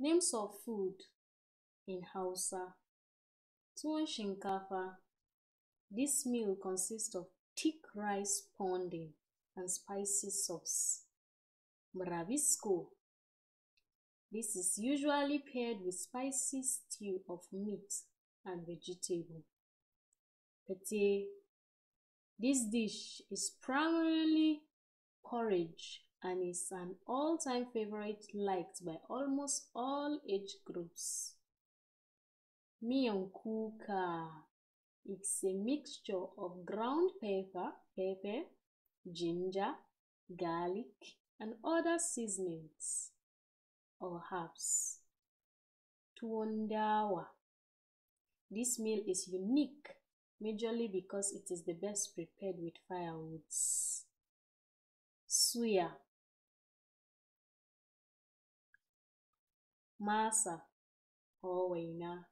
Names of food in Hausa. Tuwon shinkafa. This meal consists of thick rice pounding and spicy sauce. Mravisco. This is usually paired with spicy stew of meat and vegetable. Pete. This dish is primarily porridge and is an all-time favorite liked by almost all age groups. Miyan ka, It's a mixture of ground pepper, pepper, ginger, garlic, and other seasonings or herbs. Tuondawa. This meal is unique, majorly because it is the best prepared with firewoods. suya, masa or waina.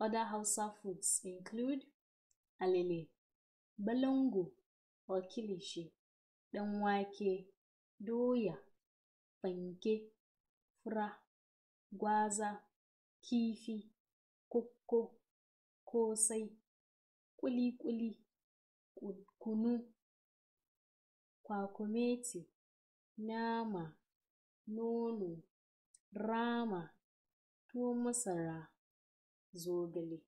Other Hausa foods include alele, balango or kilishi, ɗan wake, doya, banke fura, gwaza, kifi, kokko, kosai ƙuli kunu, kwakumeti, nama, nono, rama, tuwon masara, zogale.